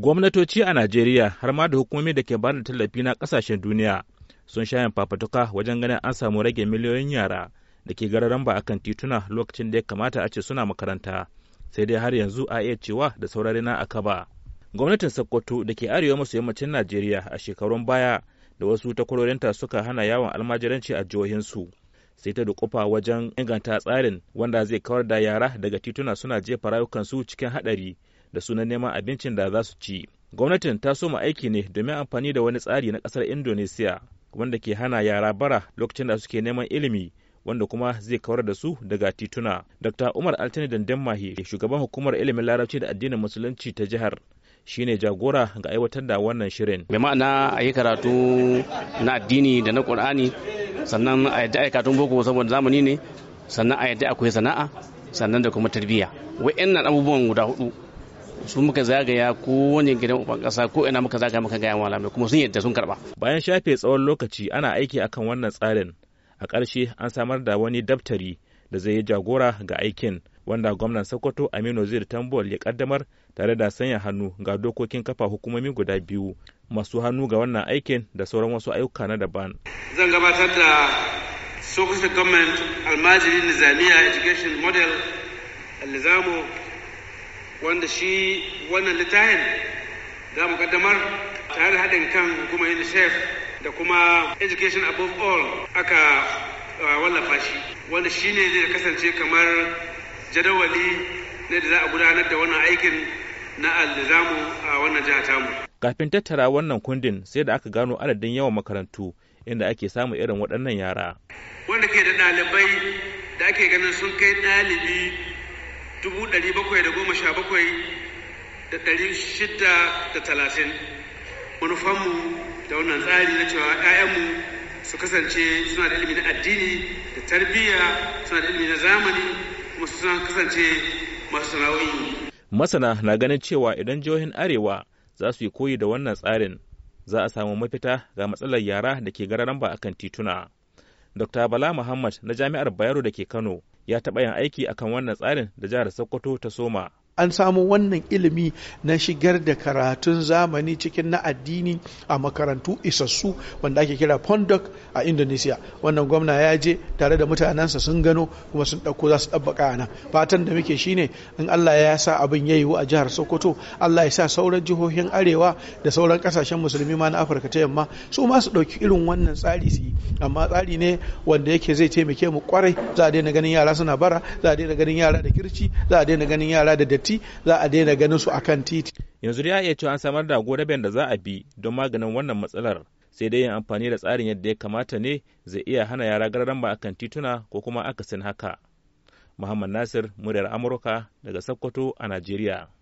Gwamnatoci a Najeriya har ma da hukumomi da ke ba da tallafi na kasashen duniya sun shayan fafatuka wajen ganin an samu rage miliyoyin yara da ke gararan ba akan tituna lokacin da ya kamata a ce suna makaranta sai dai har yanzu a iya cewa da saurari na aka ba. Gwamnatin Sokoto da ke arewa maso yammacin Najeriya a shekarun baya da wasu takwarorinta suka hana yawon almajiranci a jihohinsu. sai ta dukufa wajen inganta tsarin wanda zai kawar da yara daga tituna suna jefa rayukansu cikin haɗari da sunan neman abincin da za su ci gwamnatin ta soma aiki ne domin amfani da wani tsari na ƙasar indonesiya wanda ke hana yara bara lokacin da suke neman ilimi wanda kuma zai kawar da su daga tituna. Dr. Umar dandan Mahi, shugaban hukumar ilimin larabci da addinin musulunci ta jihar, shi ne jagora ga aiwatar da wannan shirin. Mai ma'ana a yi karatu na addini da na Qur'ani, sannan a yadda aikatun boko saboda zamani ne, sannan a yadda akwai sana'a, sannan da kuma tarbiyya. Wa'annan abubuwan guda hudu su muka zagaya ko wani gidan uban kasa ko ina muka zagaya muka gaya malamai kuma sun yadda sun karba bayan shafe tsawon lokaci ana aiki akan wannan tsarin a ƙarshe an samar da wani daftari da zai yi jagora ga aikin wanda gwamnan sokoto aminu zir tambol ya kaddamar tare da sanya hannu ga dokokin kafa hukumomi guda biyu masu hannu ga wannan aikin da sauran wasu ayyuka na daban zan gabatar da sokoto government almajiri nizamiya education model alizamu wanda shi wannan littafin za mu kaddamar tare da haɗin kan kuma unicef da kuma education above all aka uh, wallafa shi wanda shi ne zai kasance kamar jadawali ne da za a gudanar da wannan aikin na alzamu a wannan jiha tamu kafin tattara wannan kundin sai da aka gano adadin yawan makarantu inda ake samun irin waɗannan yara wanda ke da ɗalibai da ake ganin sun kai ɗalibi dubu ɗari bakwai da goma sha bakwai da ɗari shida da talatin manufanmu da wannan tsari na cewa 'ya'yanmu su kasance suna da ilimi na addini da tarbiyya suna da ilimi na zamani kuma su kasance masu sana'o'i masana na ganin cewa idan jihohin arewa za su yi koyi da wannan tsarin za a samu mafita ga matsalar yara da ke gararan ba akan tituna. Dr. Bala Muhammad na Jami'ar Bayero da ke Kano ya taɓa yin aiki akan wannan tsarin da jihar Sokoto ta soma. an samu wannan ilimi na shigar da karatun zamani cikin na addini a makarantu isassu wanda ake kira pondok a indonesia wannan gwamna ya je tare da mutanensa sun gano kuma sun ɗauko za su ɗabbaka a fatan da muke shine in allah ya sa abin ya yiwu a jihar sokoto allah ya sa sauran jihohin arewa da sauran ƙasashen musulmi ma na afirka ta yamma su ma su ɗauki irin wannan tsari su yi amma tsari ne wanda yake zai taimake mu kwarai za a daina ganin yara suna bara za a daina ganin yara da kirci za a daina ganin yara da datti za a daina ganin su akan titi yanzu dai a iya cewa an samar da goraben da za a bi don maganin wannan matsalar sai dai yin amfani da tsarin yadda ya kamata ne zai iya hana yara gararan ba akan tituna ko kuma akasin haka muhammad nasir muryar amurka daga sokoto a najeriya